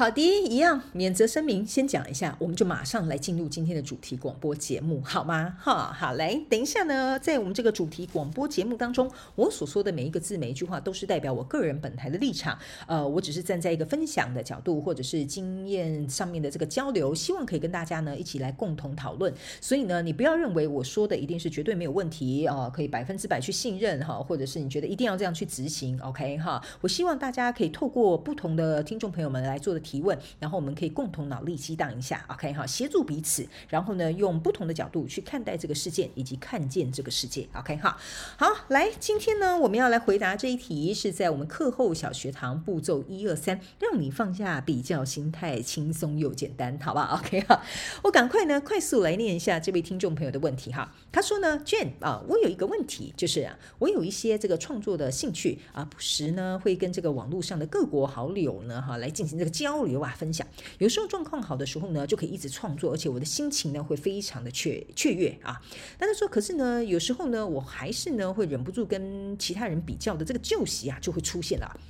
好的，一樣，免責聲明先講一下，我們就馬上來進入今天的主題廣播節目，好嗎？哈，好嘞，等一下呢，在我們這個主題廣播節目當中，我所說的每一個字、每一句話都是代表我個人本台的立場。呃，我只是站在一個分享的角度，或者是經驗上面的這個交流，希望可以跟大家呢一起來共同討論。所以呢，你不要認為我說的一定是絕對沒有問題哦、呃，可以百分之百去信任哈，或者是你覺得一定要這樣去執行，OK 哈？我希望大家可以透過不同的聽眾朋友們來做的。提問，然後我們可以共同腦力激盪一下，OK 哈，協助彼此，然後呢，用不同的角度去看待這個事件，以及看見這個世界，OK 哈。好，來，今天呢，我們要來回答這一題，是在我們課後小學堂步驟一二三，讓你放下比較心態，輕鬆又簡單，好吧？OK 哈，我趕快呢，快速來念一下這位聽眾朋友的問題哈。他說呢，Jhen 啊，我有一個問題，就是、啊、我有一些這個創作的興趣啊，不時呢會跟這個網絡上的各國好友呢哈、啊、來進行這個交。啊，分享。有時候狀況好的時候呢，就可以一直創作，而且我的心情呢會非常的雀雀躍啊。但是說，可是呢，有時候呢，我還是呢會忍不住跟其他人比較的，這個舊習啊就會出現了。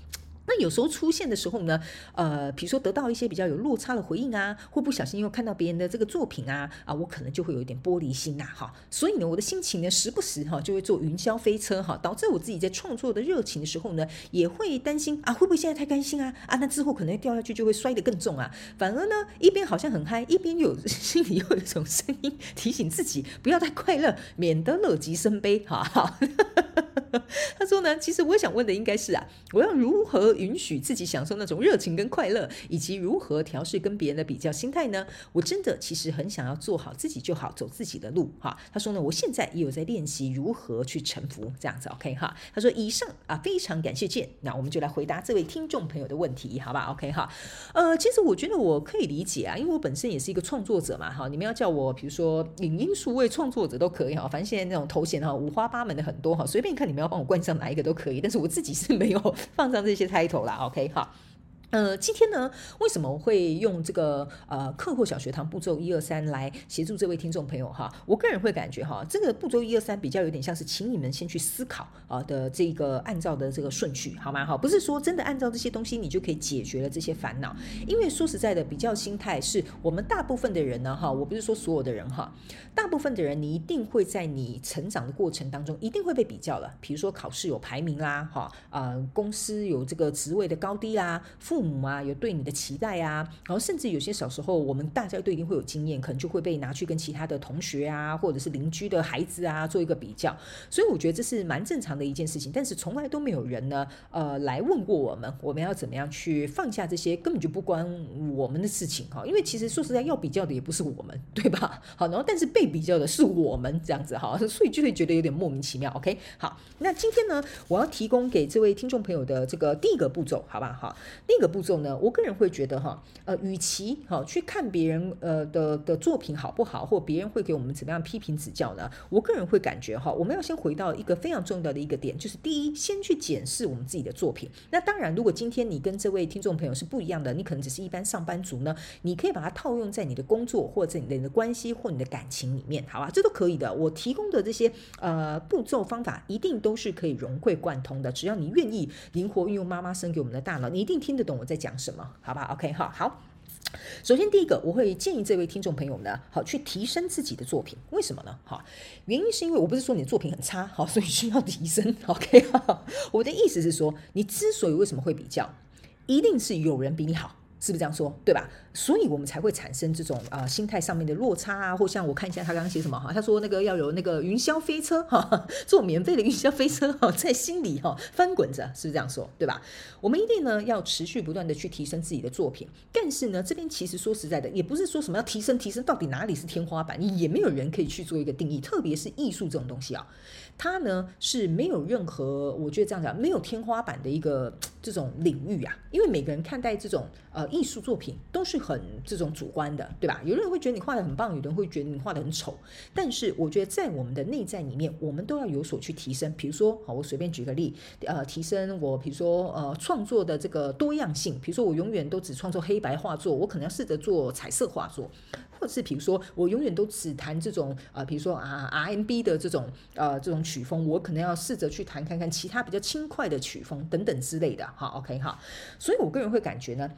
那有時候出現的時候呢，呃，比如說得到一些比較有落差的回應啊，或不小心又看到別人的這個作品啊，啊，我可能就會有一點玻璃心啊，哈，所以呢，我的心情呢，時不時哈就會坐雲霄飛車哈，導致我自己在創作的熱情的時候呢，也會擔心啊，會不會現在太開心啊，啊，那之後可能掉下去就會摔得更重啊，反而呢，一邊好像很嗨，一邊又有心裡又有一種聲音提醒自己不要太快樂，免得樂極生悲哈。好好 他說呢，其實我想問的應該是啊，我要如何允許自己享受那種熱情跟快樂，以及如何調適跟別人的比較心態呢？我真的其實很想要做好自己就好，走自己的路哈。他說呢，我現在也有在練習如何去臣服這樣子，OK 哈。他說以上啊，非常感謝 Jhen。那我們就來回答這位聽眾朋友的問題，好吧？OK 哈，呃，其實我覺得我可以理解啊，因為我本身也是一個創作者嘛哈。你們要叫我比如說影音數位創作者都可以哈，反正現在那種頭銜哈五花八門的很多哈，隨便看你們。你要幫我冠上哪一個都可以，但是我自己是沒有放上這些 title 啦。OK，好。呃，今天呢，為什麼我會用這個呃“課後小學堂”步驟一二三來協助這位聽眾朋友哈？我個人會感覺哈，這個步驟一二三比較有點像是請你們先去思考啊的這個按照的這個順序，好嗎？哈，不是說真的按照這些東西你就可以解決了這些煩惱，因為說實在的，比較心態是我們大部分的人呢哈，我不是說所有的人哈，大部分的人你一定會在你成長的過程當中一定會被比較了，比如說考試有排名啦，哈，呃，公司有這個職位的高低啦、啊，父母啊，有對你的期待啊，然後甚至有些小時候，我們大家都一定會有經驗，可能就會被拿去跟其他的同學啊，或者是鄰居的孩子啊做一個比較，所以我覺得這是蠻正常的一件事情。但是從來都沒有人呢，呃，來問過我們，我們要怎麼樣去放下這些根本就不關我們的事情哈。因為其實說實在，要比較的也不是我們，對吧？好，然後但是被比較的是我們這樣子哈，所以就會覺得有點莫名其妙。OK，好，那今天呢，我要提供給這位聽眾朋友的這個第一個步驟，好不好？哈，第一個。步驟呢？我個人會覺得哈，呃，與其哈去看別人呃的的作品好不好，或別人會給我們怎麼樣批評指教呢？我個人會感覺哈，我們要先回到一個非常重要的一個點，就是第一，先去檢視我們自己的作品。那當然，如果今天你跟這位聽眾朋友是不一樣的，你可能只是一般上班族呢，你可以把它套用在你的工作，或者你的關係，或者你的感情裡面，好吧？這都可以的。我提供的這些呃步驟方法，一定都是可以融會貫通的，只要你願意靈活運用媽媽生給我們的大腦，你一定聽得懂。我在講什麼？好吧，OK，哈，好。首先，第一個，我會建議這位聽眾朋友呢，好，去提升自己的作品。為什麼呢？哈，原因是因為我不是說你的作品很差，好，所以需要提升。OK，好，我的意思是說，你之所以為什麼會比較，一定是有人比你好。是不是這樣說，對吧？所以我們才會產生這種啊、呃、心態上面的落差啊，或像我看一下他剛剛寫什麼哈，他說那個要有那個雲霄飛車哈，做、哦、免費的雲霄飛車哈，在心裡哈、哦、翻滾着，是不是這樣說，對吧？我們一定呢要持續不斷地去提升自己的作品，但是呢這邊其實說實在的，也不是說什麼要提升提升，到底哪裡是天花板，也沒有人可以去做一個定義，特別是藝術這種東西啊、哦，它呢是沒有任何，我覺得這樣講沒有天花板的一個，這種領域啊，因為每個人看待這種呃藝術作品都是很這種主觀的，對吧？有人會覺得你畫的很棒，有人會覺得你畫的很醜。但是我覺得在我們的內在裡面，我們都要有所去提升。比如說，好，我隨便舉個例，呃，提升我比如說呃創作的這個多樣性。比如說我永遠都只創作黑白畫作，我可能要試着做彩色畫作，或者是比如說我永遠都只彈這種呃比如說、啊、R&B 的這種呃這種曲風，我可能要試着去彈看看其他比較輕快的曲風等等之類的。好，OK，好，所以我個人會感覺呢，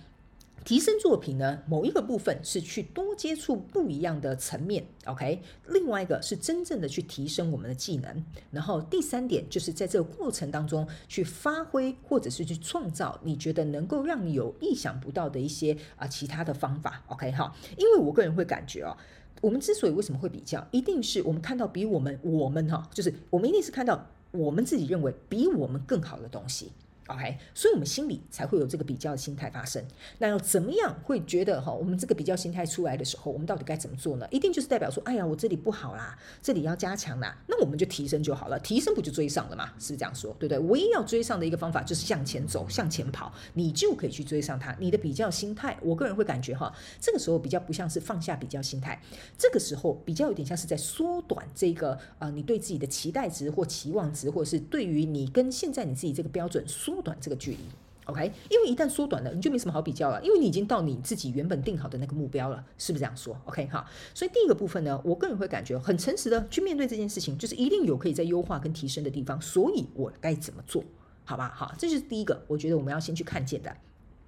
提升作品呢，某一個部分是去多接觸不一樣的層面，OK，另外一個是真正的去提升我們的技能，然後第三點就是在這個過程當中去發揮或者是去創造，你覺得能夠讓你有意想不到的一些啊、呃、其他的方法，OK，哈，因為我個人會感覺哦，我們之所以為什麼會比較，一定是我們看到比我們我們哈、哦，就是我們一定是看到我們自己認為比我們更好的東西。所以，我們心裡才會有這個比較的心態發生。那要怎麼樣會覺得哈？我們這個比較心態出來的時候，我們到底該怎麼做呢？一定就是代表說，哎呀，我這裡不好啦，這裡要加強啦。那我們就提升就好了，提升不就追上了嗎？是不是這樣說，對不對？唯一要追上的一個方法就是向前走，向前跑，你就可以去追上它。你的比較心態，我個人會感覺哈，這個時候比較不像是放下比較心態，這個時候比較有點像是在縮短這個呃，你對自己的期待值或期望值，或者是對於你跟現在你自己這個標準縮。短這個距離，OK，因為一旦縮短了，你就沒什麼好比較了，因為你已經到你自己原本定好的那個目標了，是不是這樣說？OK，哈，所以第一個部分呢，我個人會感覺很誠實的去面對這件事情，就是一定有可以再優化跟提升的地方，所以我該怎麼做？好吧，好，這就是第一個，我覺得我們要先去看見的。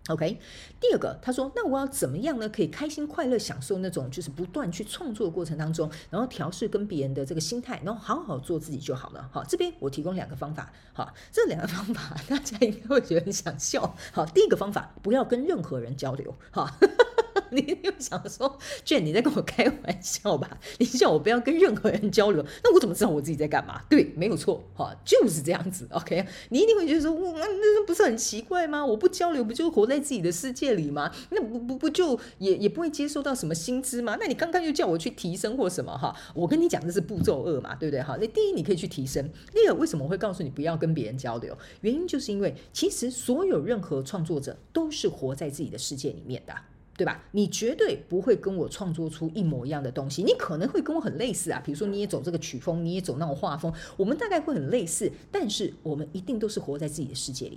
OK，第二個，他說：“那我要怎麼樣呢？可以開心快樂享受那種，就是不斷去創作的過程當中，然後調試跟別人的這個心態，然後好好做自己就好了。”好，這邊我提供兩個方法。好，這兩個方法大家一定會覺得想笑。好，第一個方法，不要跟任何人交流。好。 你又想說，卷，你在跟我開玩笑吧？你叫我不要跟任何人交流，那我怎麼知道我自己在幹嘛？對，沒有錯，哈，就是這樣子。OK，你一定會覺得說，嗯，那不是很奇怪嗎？我不交流，不就活在自己的世界裡嗎？那不不不就也也不會接受到什麼薪資嗎？那你剛剛又叫我去提升或什麼哈？我跟你講，這是步驟二嘛，對不對？哈，那第一你可以去提升。那個，為什麼會告訴你不要跟別人交流？原因就是因為，其實所有任何創作者都是活在自己的世界裡面的。對吧？你絕對不會跟我創作出一模一樣的東西，你可能會跟我很類似啊。比如說，你也走這個曲風，你也走那種畫風，我們大概會很類似，但是我們一定都是活在自己的世界裡，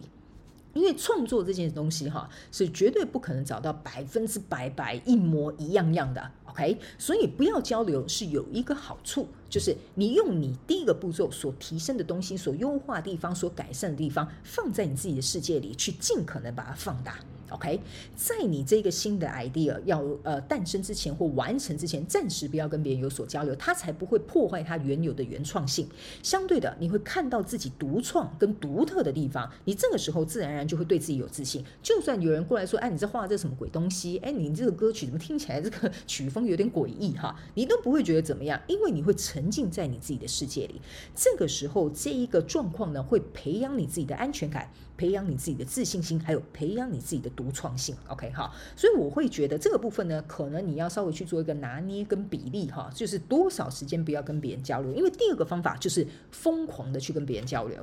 因為創作這件東西哈、啊，是絕對不可能找到百分之百百一模一樣樣的。OK，所以不要交流是有一個好處，就是你用你第一個步驟所提升的東西、所優化的地方、所改善的地方，放在你自己的世界裡去，盡可能把它放大。OK，在你這個新的 idea 要呃誕生之前或完成之前，暫時不要跟別人有所交流，它才不會破壞它原有的原創性。相對的，你會看到自己獨創跟獨特的地方，你這個時候自然而然就會對自己有自信。就算有人過來說：“哎、啊，你這畫的這什麼鬼東西？哎、欸，你這個歌曲怎麼聽起來這個曲？”有點詭異哈，你都不會覺得怎麼樣，因為你會沉浸在你自己的世界裡。這個時候，這一個狀況呢，會培養你自己的安全感，培養你自己的自信心，還有培養你自己的獨創性。OK 哈，所以我會覺得這個部分呢，可能你要稍微去做一個拿捏跟比例哈，就是多少時間不要跟別人交流，因為第二個方法就是瘋狂的去跟別人交流。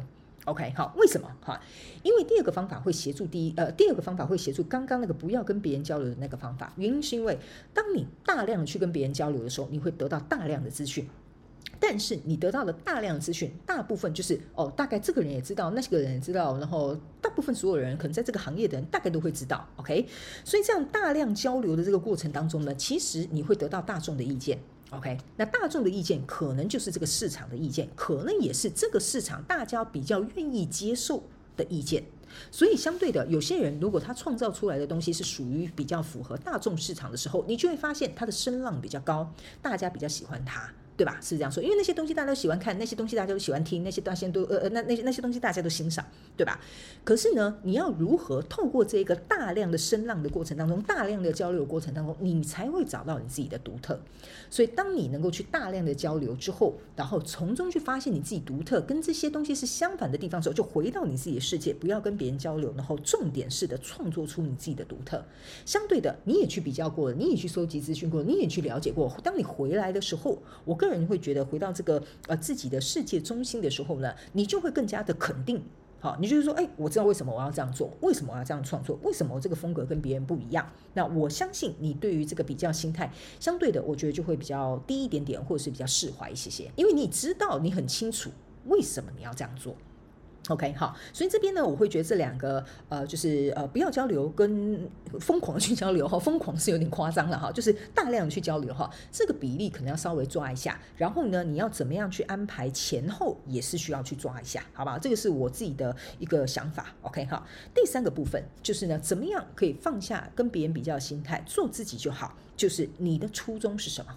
OK，好，為什麼哈？因為第二個方法會協助第一，呃，第二個方法會協助剛剛那個不要跟別人交流的那個方法。原因是因為，當你大量的去跟別人交流的時候，你會得到大量的資訊。但是你得到了大量的資訊，大部分就是哦，大概這個人也知道，那些個人也知道，然後大部分所有人可能在這個行業的人大概都會知道。OK，所以這樣大量交流的這個過程當中呢，其實你會得到大眾的意見。OK，那大眾的意見可能就是這個市場的意見，可能也是這個市場大家比較願意接受的意見。所以相對的，有些人如果他創造出來的東西是屬於比較符合大眾市場的時候，你就會發現他的聲浪比較高，大家比較喜歡他。對吧？是這樣說，因為那些東西大家都喜歡看，那些東西大家都喜歡聽，那些東西都呃那那些那些東西大家都欣賞，對吧？可是呢，你要如何透過這一個大量的聲浪的過程當中，大量的交流的過程當中，你才會找到你自己的獨特。所以，當你能夠去大量的交流之後，然後從中去發現你自己獨特跟這些東西是相反的地方的時候，就回到你自己的世界，不要跟別人交流，然後重點式的創作出你自己的獨特。相對的，你也去比較過了，你也去搜集資訊過，你也去了解過。當你回來的時候，我。個人會覺得回到這個呃自己的世界中心的時候呢，你就會更加的肯定，好，你就是說，哎、欸，我知道為什麼我要這樣做，為什麼我要這樣創作，為什麼我這個風格跟別人不一樣。那我相信你對於這個比較心態相對的，我覺得就會比較低一點點，或者是比較釋懷一些些，因為你知道，你很清楚為什麼你要這樣做。OK，好，所以這邊呢，我會覺得這兩個呃，就是呃，不要交流跟瘋狂去交流哈，瘋狂是有點誇張了哈，就是大量去交流哈，這個比例可能要稍微抓一下，然後呢，你要怎麼樣去安排前後也是需要去抓一下，好不好？這個是我自己的一個想法，OK，哈。第三個部分就是呢，怎麼樣可以放下跟別人比較心態，做自己就好，就是你的初衷是什麼？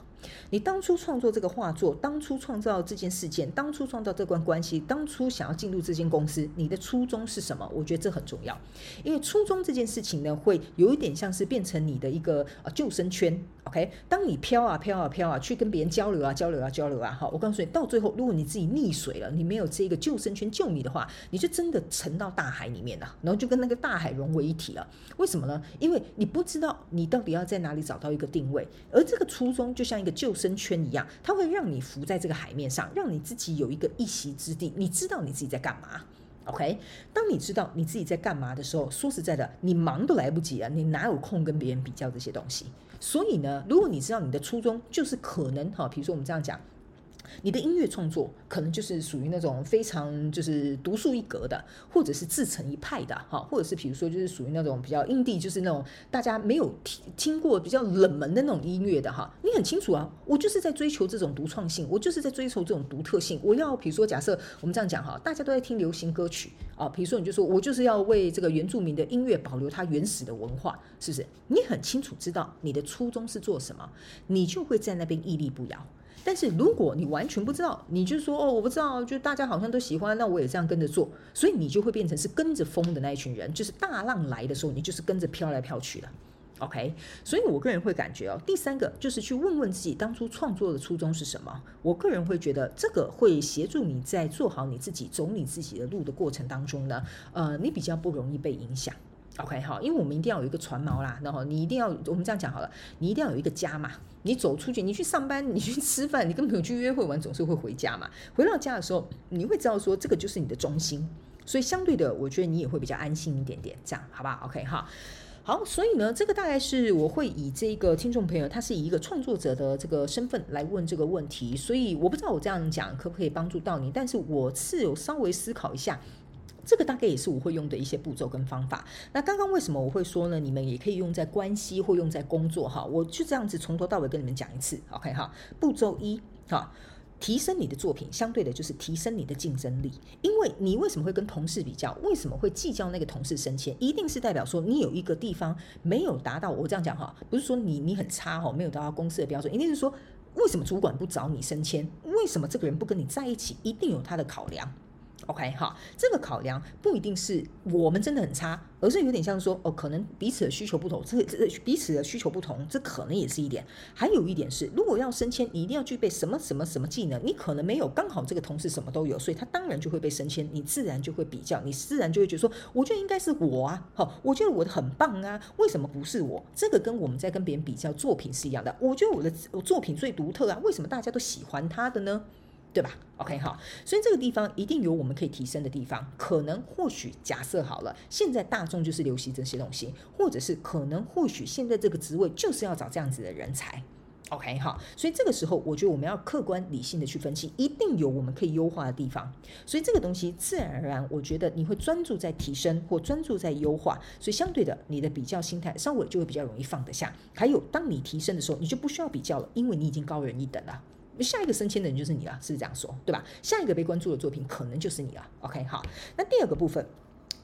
你當初創作這個畫作，當初創造這件事件，當初創造這關關係，當初想要進入這間公司，你的初衷是什麼？我覺得這很重要，因為初衷這件事情呢，會有一點像是變成你的一個呃救生圈。OK，當你飄啊飄啊飄啊，去跟別人交流啊交流啊交流啊，好，我告訴你，到最後，如果你自己溺水了，你沒有這個救生圈救你的話，你就真的沉到大海裡面了，然後就跟那個大海融為一體了。為什麼呢？因為你不知道你到底要在哪裡找到一個定位，而這個初衷就像一個救生圈一樣，它會讓你浮在這個海面上，讓你自己有一個一席之地。你知道你自己在幹嘛？OK，當你知道你自己在幹嘛的時候，說實在的，你忙都來不及啊，你哪有空跟別人比較這些東西？所以呢，如果你知道你的初衷，就是可能哈，比如說我們這樣講。你的音樂創作可能就是屬於那種非常就是獨樹一格的，或者是自成一派的哈，或者是比如說就是屬於那種比較 indie 就是那種大家沒有聽聽過比較冷門的那種音樂的哈，你很清楚啊，我就是在追求這種獨創性，我就是在追求這種獨特性，我要比如說假設我們這樣講哈，大家都在聽流行歌曲啊，比如說你就說我就是要為這個原住民的音樂保留它原始的文化，是不是？你很清楚知道你的初衷是做什麼，你就會在那邊屹立不搖。但是如果你完全不知道，你就說哦，我不知道，就大家好像都喜歡，那我也這樣跟着做，所以你就會變成是跟着風的那一群人，就是大浪來的時候，你就是跟着飄來飄去的。OK，所以我個人會感覺哦，第三個就是去問問自己當初創作的初衷是什麼。我個人會覺得這個會協助你在做好你自己、走你自己的路的過程當中呢，呃，你比較不容易被影響。OK 哈，因為我們一定要有一個船錨啦，然後你一定要，我們這樣講好了，你一定要有一個家嘛。你走出去，你去上班，你去吃飯，你跟朋友去約會玩，總是會回家嘛。回到家的時候，你會知道說這個就是你的中心，所以相對的，我覺得你也會比較安心一點點，這樣好不好？OK 哈，好，所以呢，這個大概是我會以這個聽眾朋友，他是以一個創作者的這個身份來問這個問題，所以我不知道我這樣講可不可以幫助到你，但是我是有稍微思考一下。這個大概也是我會用的一些步驟跟方法。那剛剛為什麼我會說呢？你們也可以用在關係或用在工作哈。我就這樣子從頭到尾跟你們講一次，OK 哈。步驟一哈，提升你的作品，相對的就是提升你的競爭力。因為你為什麼會跟同事比較？為什麼會計較那個同事升遷？一定是代表說你有一個地方沒有達到。我這樣講哈，不是說你你很差哈，沒有達到公司的標準，一定是說為什麼主管不找你升遷？為什麼這個人不跟你在一起？一定有他的考量。OK，哈，這個考量不一定是我們真的很差，而是有點像說哦，可能彼此的需求不同，這，這彼此的需求不同，這可能也是一點。還有一點是，如果要升遷，你一定要具備什麼什麼什麼技能，你可能沒有，剛好這個同事什麼都有，所以他當然就會被升遷，你自然就會比較，你自然就會覺得說，我覺得應該是我啊，好，我覺得我很棒啊，為什麼不是我？這個跟我們在跟別人比較作品是一樣的，我覺得我的作品最獨特啊，為什麼大家都喜歡他的呢？對吧？OK 好，所以這個地方一定有我們可以提升的地方，可能或許假設好了，現在大眾就是流行這些東西，或者是可能或許現在這個職位就是要找這樣子的人才。OK 哈，所以這個時候我覺得我們要客觀理性的去分析，一定有我們可以優化的地方。所以這個東西自然而然，我覺得你會專注在提升或專注在優化，所以相對的，你的比較心態稍微就會比較容易放得下。還有，當你提升的時候，你就不需要比較了，因為你已經高人一等了。下一個升遷的人就是你了，是這樣說，對吧？下一個被關注的作品可能就是你了。OK，好，那第二個部分。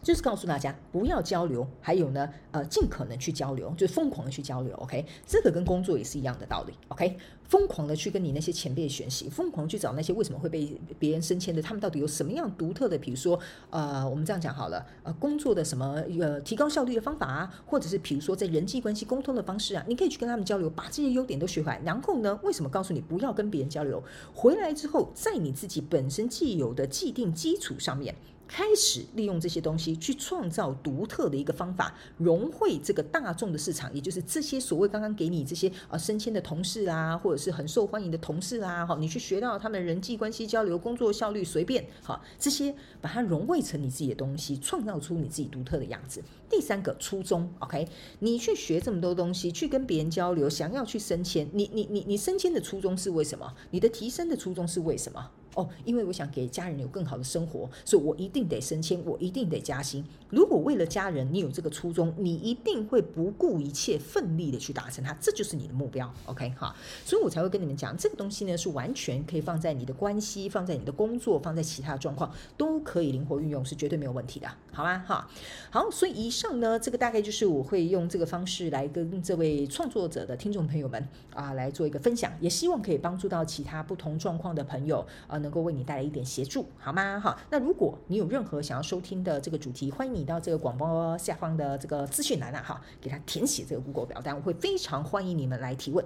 就是告訴大家不要交流，還有呢，呃，盡可能去交流，就是瘋狂的去交流，OK？這個跟工作也是一樣的道理，OK？瘋狂的去跟你那些前輩學習，瘋狂地去找那些為什麼會被別人升遷的，他們到底有什麼樣獨特的，比如說，呃，我們這樣講好了，呃，工作的什麼呃提高效率的方法啊，或者是比如說在人際關係溝通的方式啊，你可以去跟他們交流，把這些優點都學回來。然後呢，為什麼告訴你不要跟別人交流？回來之後，在你自己本身既有的既定基礎上面。開始利用這些東西去創造獨特的一個方法，融匯這個大眾的市場，也就是這些所謂剛剛給你這些啊升遷的同事啊，或者是很受歡迎的同事啊。哈，你去學到他們人際關係交流、工作效率，隨便哈，這些把它融匯成你自己的東西，創造出你自己獨特的樣子。第三個初衷，OK，你去學這麼多東西，去跟別人交流，想要去升遷，你你你你升遷的初衷是為什麼？你的提升的初衷是為什麼？哦，因為我想給家人有更好的生活，所以我一定得升遷，我一定得加薪。如果為了家人，你有這個初衷，你一定會不顧一切，奮力的去達成它，這就是你的目標。OK 哈，所以我才會跟你們講這個東西呢，是完全可以放在你的關係、放在你的工作、放在其他的狀況，都可以靈活運用，是絕對沒有問題的，好嗎？哈，好，所以以上呢，這個大概就是我會用這個方式來跟這位創作者的聽眾朋友們啊、呃，來做一個分享，也希望可以幫助到其他不同狀況的朋友啊。呃能夠為你帶來一點協助，好嗎？哈，那如果你有任何想要收聽的這個主題，歡迎你到這個廣播下方的這個資訊欄了、啊、哈，給他填寫這個 Google 表單，我會非常歡迎你們來提問。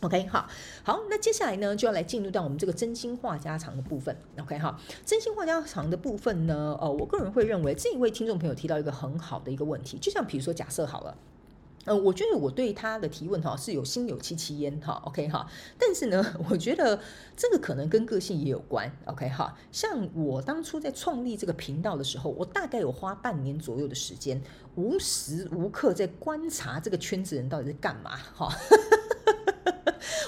OK，好，好，那接下來呢，就要來進入到我們這個真心話家常的部分。OK，哈，真心話家常的部分呢，呃、哦，我個人會認為這一位聽眾朋友提到一個很好的一個問題，就像比如說假設好了。嗯、呃，我覺得我對他的提問哈是有心有戚戚焉哈，OK 哈，但是呢，我覺得這個可能跟個性也有關，OK 哈。像我當初在創立這個頻道的時候，我大概有花半年左右的時間，無時無刻在觀察這個圈子人到底在幹嘛哈。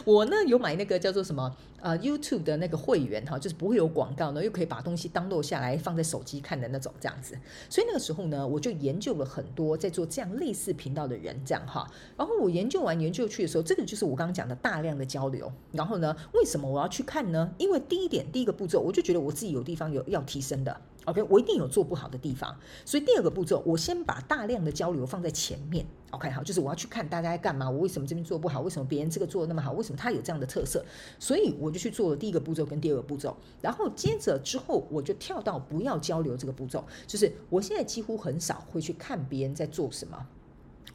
我呢有買那個叫做什麼呃 YouTube 的那個會員哈，就是不會有廣告呢，又可以把東西 download 下來放在手機看的那種這樣子。所以那個時候呢，我就研究了很多在做這樣類似頻道的人這樣哈。然後我研究完研究去的時候，這個就是我剛剛講的大量的交流。然後呢，為什麼我要去看呢？因為第一點，第一個步驟，我就覺得我自己有地方有要提升的。OK，我一定有做不好的地方，所以第二個步驟，我先把大量的交流放在前面。OK，好，就是我要去看大家在幹嘛，我為什麼這邊做不好，為什麼別人這個做得那麼好，為什麼他有這樣的特色，所以我就去做了第一個步驟跟第二個步驟，然後接着之後，我就跳到不要交流這個步驟，就是我現在幾乎很少會去看別人在做什麼。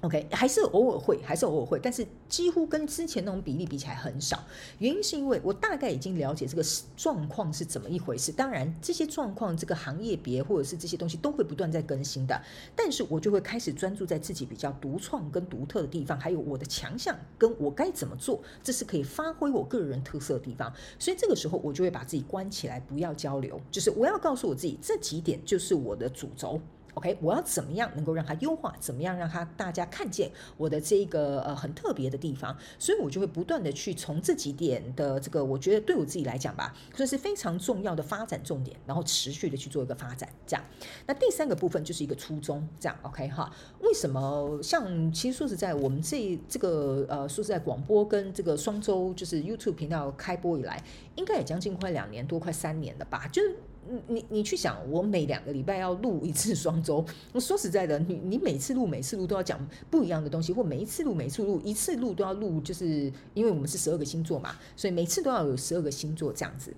OK，還是偶爾會，還是偶爾會，但是幾乎跟之前那種比例比起來很少。原因是因為我大概已經了解這個狀況是怎麼一回事。當然，這些狀況這個行業別或者是這些東西都會不斷在更新的，但是我就會開始專注在自己比較獨創跟獨特的地方，還有我的強項，跟我該怎麼做，這是可以發揮我個人特色的地方。所以這個時候，我就會把自己關起來，不要交流，就是我要告訴我自己，這幾點就是我的主軸。OK，我要怎麼樣能夠讓它優化？怎麼樣讓它大家看見我的這個呃很特別的地方？所以我就會不斷的去從這幾點的這個，我覺得對我自己來講吧，就是非常重要的發展重點，然後持續的去做一個發展。這樣，那第三個部分就是一個初衷。這樣，OK 哈？為什麼像其實說實在，我們這這個呃說實在，廣播跟這個雙周就是 YouTube 頻道開播以來，應該也將近快兩年多，快三年了吧？就是。你你你去想，我每兩個禮拜要錄一次雙周。我說實在的，你你每次錄每次錄都要講不一樣的東西，或每一次錄每次錄一次錄都要錄，就是因為我們是十二個星座嘛，所以每次都要有十二個星座這樣子。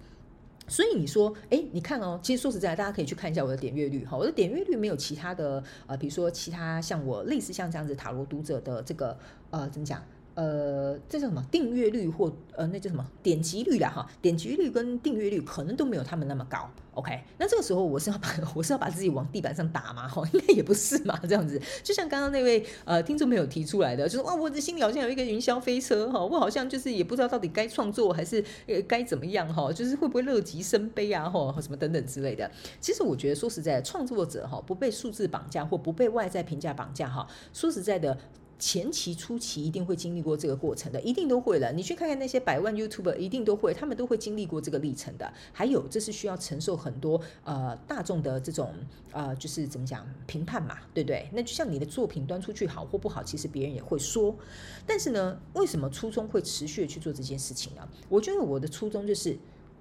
所以你說，哎、欸，你看哦、喔，其實說實在，大家可以去看一下我的點閱率哈，我的點閱率沒有其他的呃，比如說其他像我類似像這樣子塔羅讀者的這個呃怎麼講？呃，這叫什麼訂閱率或呃那叫什麼點擊率呀？哈，點擊率跟訂閱率可能都沒有他們那麼高。OK，那這個時候我是要把我是要把自己往地板上打嘛？哈，應該也不是嘛。這樣子，就像剛剛那位呃聽眾朋友提出來的，就是我的心裡好像有一個雲霄飛車哈，我好像就是也不知道到底該創作還是該怎麼樣哈，就是會不會樂極生悲啊哈，什麼等等之類的。其實我覺得說實在的，創作者哈不被數字綁架或不被外在評價綁架哈，說實在的。前期初期一定會經歷過這個過程的，一定都會了。你去看看那些百萬 YouTuber，一定都會，他們都會經歷過這個歷程的。還有，這是需要承受很多呃大眾的這種呃，就是怎麼講評判嘛，對不對？那就像你的作品端出去好或不好，其實別人也會說。但是呢，為什麼初衷會持續地去做這件事情呢？我覺得我的初衷就是。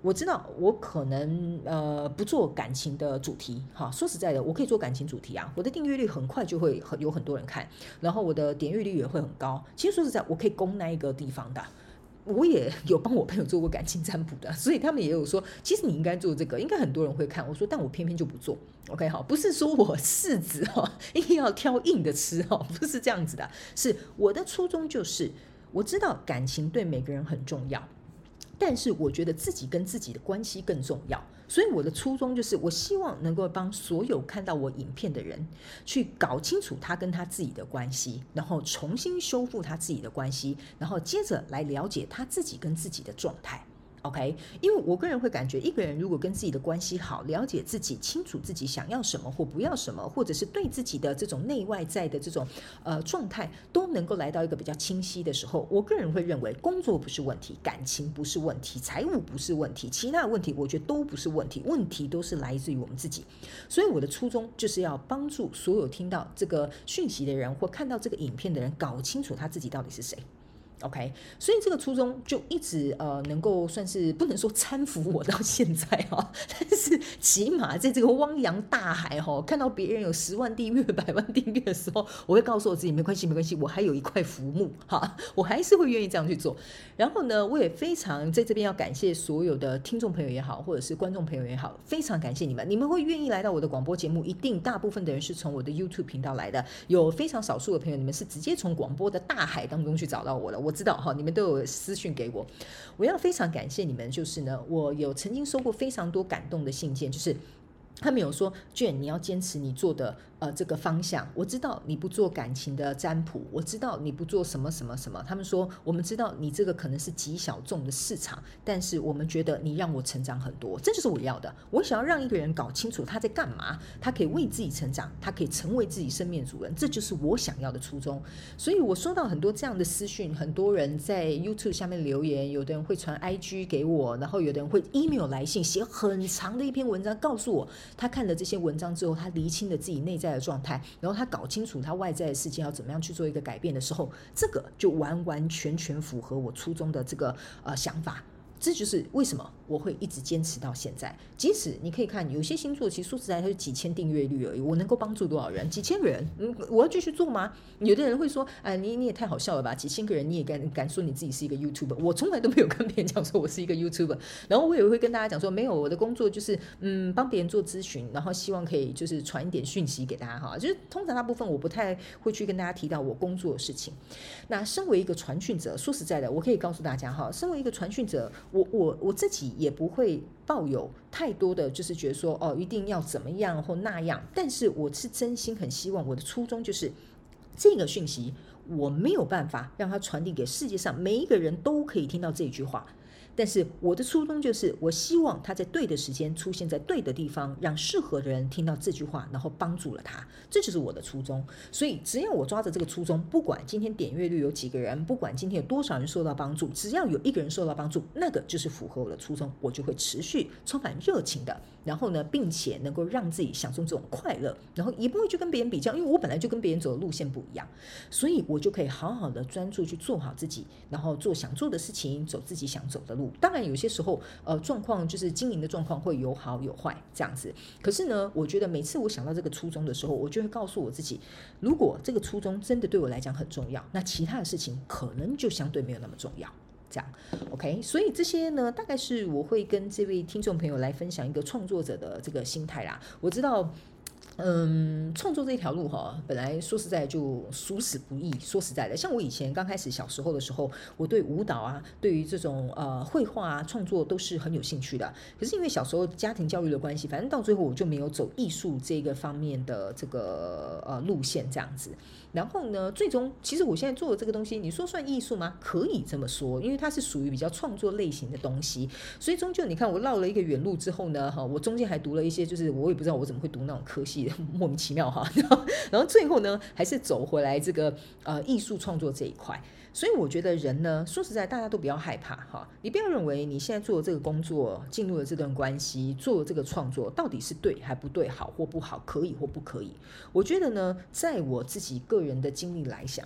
我知道我可能呃不做感情的主題哈，說實在的，我可以做感情主題啊，我的訂閱率很快就會很有很多人看，然後我的點閱率也會很高。其實說實在，我可以攻那一個地方的，我也有幫我朋友做過感情占卜的，所以他們也有說，其實你應該做這個，應該很多人會看。我說，但我偏偏就不做。OK，好，不是說我柿子哈一定要挑硬的吃哈，不是這樣子的，是我的初衷就是我知道感情對每個人很重要。但是我覺得自己跟自己的關係更重要，所以我的初衷就是，我希望能夠幫所有看到我影片的人，去搞清楚他跟他自己的關係，然後重新修復他自己的關係，然後接着來了解他自己跟自己的狀態。OK，因為我個人會感覺，一個人如果跟自己的關係好，了解自己，清楚自己想要什麼或不要什麼，或者是對自己的這種內外在的這種呃狀態，都能夠來到一個比較清晰的時候，我個人會認為，工作不是問題，感情不是問題，財務不是問題，其他的問題我覺得都不是問題，問題都是來自於我們自己。所以我的初衷就是要幫助所有聽到這個訊息的人或看到這個影片的人，搞清楚他自己到底是誰。OK，所以這個初衷就一直呃能夠算是不能說攙扶我到現在哈，但是起碼在這個汪洋大海哈，看到別人有十萬訂閱、百萬訂閱的時候，我會告訴我自己沒關係，沒關係，我還有一塊浮木哈，我還是會願意這樣去做。然後呢，我也非常在這邊要感謝所有的聽眾朋友也好，或者是觀眾朋友也好，非常感謝你們，你們會願意來到我的廣播節目，一定大部分的人是從我的 YouTube 頻道來的，有非常少數的朋友，你們是直接從廣播的大海當中去找到我的。我知道哈，你們都有私訊給我，我要非常感謝你們。就是呢，我有曾經收過非常多感動的信件，就是。他們有說 Jhen，你要堅持你做的呃這個方向。我知道你不做感情的占卜，我知道你不做什麼什麼什麼。他們說，我們知道你這個可能是極小眾的市場，但是我們覺得你讓我成長很多，這就是我要的。我想要讓一個人搞清楚他在幹嘛，他可以為自己成長，他可以成為自己生命主人，這就是我想要的初衷。所以我收到很多這樣的私訊，很多人在 YouTube 下面留言，有的人會傳 IG 給我，然後有的人會 email 來信，寫很長的一篇文章告訴我。他看了這些文章之後，他釐清了自己內在的狀態，然後他搞清楚他外在的世界要怎麼樣去做一個改變的時候，這個就完完全全符合我初衷的這個呃想法。這就是為什麼我會一直堅持到現在。即使你可以看有些星座，其實說實在，它是幾千訂閱率而已。我能夠幫助多少人？幾千人，嗯，我要繼續做嗎？有的人會說：“哎，你你也太好笑了吧！幾千個人，你也敢敢說你自己是一個 YouTuber？” 我從來都沒有跟別人講說我是一個 YouTuber。然後我也會跟大家講說：“沒有，我的工作就是嗯，幫別人做諮詢，然後希望可以就是傳一點訊息給大家哈。就是通常大部分我不太會去跟大家提到我工作的事情。那身為一個傳訊者，說實在的，我可以告訴大家哈，身為一個傳訊者。我我我自己也不會抱有太多的就是覺得說哦，一定要怎麼樣或那樣，但是我是真心很希望，我的初衷就是這個訊息，我沒有辦法讓它傳遞給世界上每一個人都可以聽到這句話。但是我的初衷就是，我希望他在對的時間出現在對的地方，讓適合的人聽到這句話，然後幫助了他，這就是我的初衷。所以只要我抓着這個初衷，不管今天點閱率有幾個人，不管今天有多少人受到幫助，只要有一個人受到幫助，那個就是符合我的初衷，我就會持續充滿熱情的。然後呢，並且能夠讓自己享受這種快樂，然後也不會去跟別人比較，因為我本來就跟別人走的路線不一樣，所以我就可以好好的專注去做好自己，然後做想做的事情，走自己想走的路。當然，有些時候，呃，狀況就是經營的狀況會有好有壞這樣子。可是呢，我覺得每次我想到這個初衷的時候，我就會告訴我自己，如果這個初衷真的對我來講很重要，那其他的事情可能就相對沒有那麼重要。這樣，OK，所以這些呢，大概是我會跟這位聽眾朋友來分享一個創作者的這個心態啦。我知道。嗯，創作這條路吼，本來說實在就殊死不易。說實在的，像我以前剛開始小時候的時候，我對舞蹈啊，對於這種呃繪畫啊創作都是很有興趣的。可是因為小時候家庭教育的關係，反正到最後我就沒有走藝術這個方面的這個呃路線這樣子。然後呢，最終，其實我現在做的這個東西，你說算藝術嗎？可以這麼說，因為它是屬於比較創作類型的東西。所以終究，你看我繞了一個遠路之後呢，哈，我中間還讀了一些，就是我也不知道我怎麼會讀那種科系，莫名其妙哈。然後，然後最後呢，還是走回來這個呃藝術創作這一塊。所以我覺得人呢，說實在，大家都不要害怕哈。你不要認為你現在做的這個工作，進入了這段關係，做的這個創作到底是對還不對，好或不好，可以或不可以。我覺得呢，在我自己個人的經歷來講，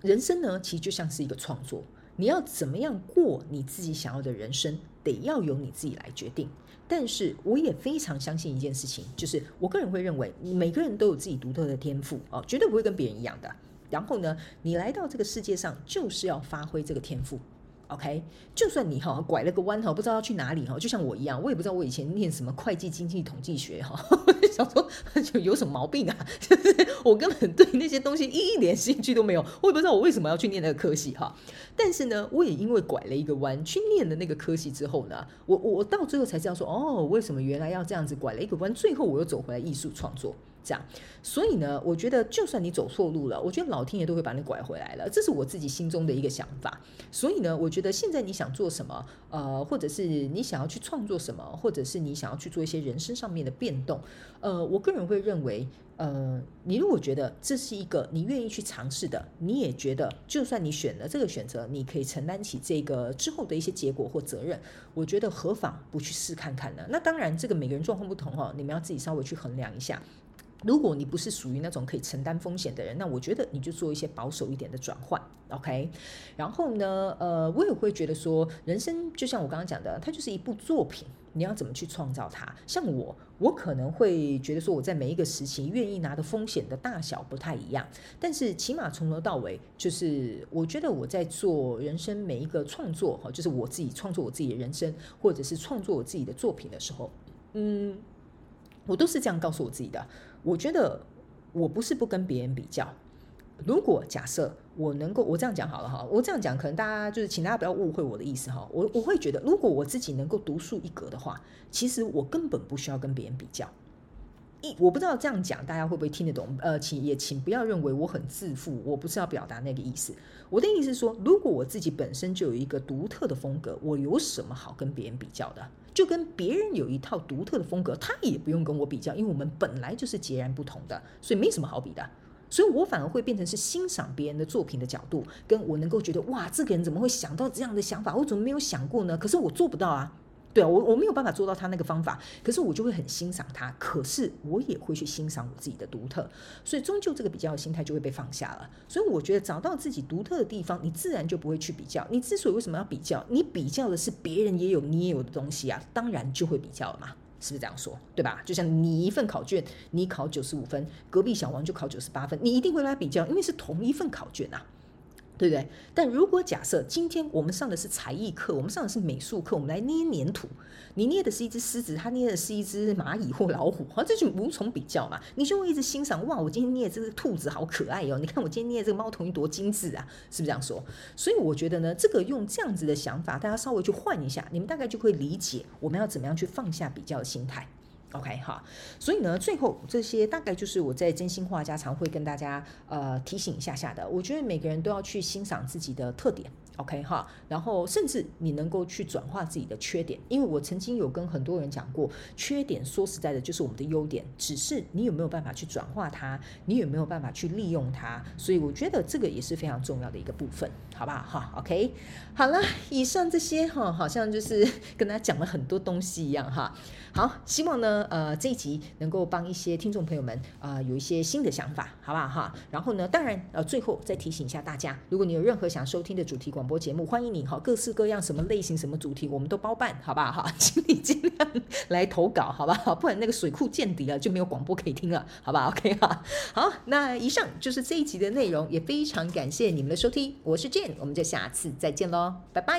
人生呢其實就像是一個創作，你要怎麼樣過你自己想要的人生，得要由你自己來決定。但是我也非常相信一件事情，就是我個人會認為你每個人都有自己獨特的天賦哦，絕對不會跟別人一樣的。然後呢，你來到這個世界上就是要發揮這個天賦，OK？就算你哈拐了個彎哈，不知道要去哪裡哈，就像我一樣，我也不知道我以前念什麼會計、經濟、統計學哈，我就想說就有什麼毛病啊？就是我根本對那些東西一點興趣都沒有，我也不知道我為什麼要去念那個科系哈。但是呢，我也因為拐了一個彎去念了那個科系之後呢，我我到最後才知道說：哦，為什麼原來要這樣子拐了一個彎？最後我又走回來藝術創作。這樣，所以呢，我覺得就算你走錯路了，我覺得老天爺都會把你拐回來了，這是我自己心中的一個想法。所以呢，我覺得現在你想做什麼，呃，或者是你想要去創作什麼，或者是你想要去做一些人生上面的變動，呃，我個人會認為，呃，你如果覺得這是一個你願意去嘗試的，你也覺得就算你選了這個選擇，你可以承擔起這個之後的一些結果或責任，我覺得何妨不去試看看呢？那當然，這個每個人狀況不同哦，你們要自己稍微去衡量一下。如果你不是屬於那種可以承擔風險的人，那我覺得你就做一些保守一點的轉換，OK？然後呢，呃，我也會覺得說，人生就像我剛剛講的，它就是一部作品，你要怎麼去創造它？像我，我可能會覺得說，我在每一個時期願意拿的風險的大小不太一樣，但是起碼從頭到尾，就是我覺得我在做人生每一個創作哈，就是我自己創作我自己的人生，或者是創作我自己的作品的時候，嗯，我都是這樣告訴我自己的。我覺得我不是不跟別人比較。如果假設我能夠，我這樣講好了哈，我這樣講可能大家就是，請大家不要誤會我的意思哈。我我會覺得，如果我自己能夠獨樹一格的話，其實我根本不需要跟別人比較。我不知道這樣講大家會不會聽得懂，呃，請也請不要認為我很自負，我不是要表達那個意思。我的意思是說，如果我自己本身就有一個獨特的風格，我有什麼好跟別人比較的？就跟別人有一套獨特的風格，他也不用跟我比較，因為我們本來就是截然不同的，所以沒什麼好比的。所以我反而會變成是欣賞別人的作品的角度，跟我能夠覺得哇，這個人怎麼會想到這樣的想法？我怎麼沒有想過呢？可是我做不到啊。對啊，我我沒有辦法做到他那個方法，可是我就會很欣賞他，可是我也會去欣賞我自己的獨特，所以終究這個比較的心態就會被放下了。所以我覺得找到自己獨特的地方，你自然就不會去比較。你之所以為什麼要比較？你比較的是別人也有你也有的東西啊，當然就會比較了嘛，是不是這樣說？對吧？就像你一份考卷，你考九十五分，隔壁小王就考九十八分，你一定會來比較，因為是同一份考卷啊。對不對？但如果假設今天我們上的是才藝課，我們上的是美術課，我們來捏粘土，你捏的是一隻獅子，他捏的是一隻螞蟻或老虎，哈、啊，這就無從比較嘛。你就會一直欣賞，哇，我今天捏的這個兔子好可愛哦，你看我今天捏的這個貓頭鷹多精緻啊，是不是這樣說？所以我覺得呢，這個用這樣子的想法，大家稍微去換一下，你們大概就會理解我們要怎麼樣去放下比較的心態。OK 好，所以呢，最後這些大概就是我在真心話家常會跟大家呃提醒一下下的，我覺得每個人都要去欣賞自己的特點。OK 哈，然後甚至你能夠去轉化自己的缺點，因為我曾經有跟很多人講過，缺點說實在的，就是我們的優點，只是你有沒有辦法去轉化它，你有沒有辦法去利用它，所以我覺得這個也是非常重要的一個部分，好不好哈？OK，好了，以上這些哈，好像就是跟大家講了很多東西一樣哈。好，希望呢，呃，這一集能夠幫一些聽眾朋友們啊、呃、有一些新的想法，好不好哈？然後呢，當然呃，最後再提醒一下大家，如果你有任何想收聽的主題廣，播節目，歡迎你哈！各式各樣，什麼類型，什麼主題，我們都包辦，好不好哈？請你盡量來投稿，好不好？好不然那個水庫見底了，就沒有廣播可以聽了，好不好？OK 哈。好，那以上就是這一集的內容，也非常感謝你們的收聽，我是 Jhen，我們就下次再見嘍，拜拜。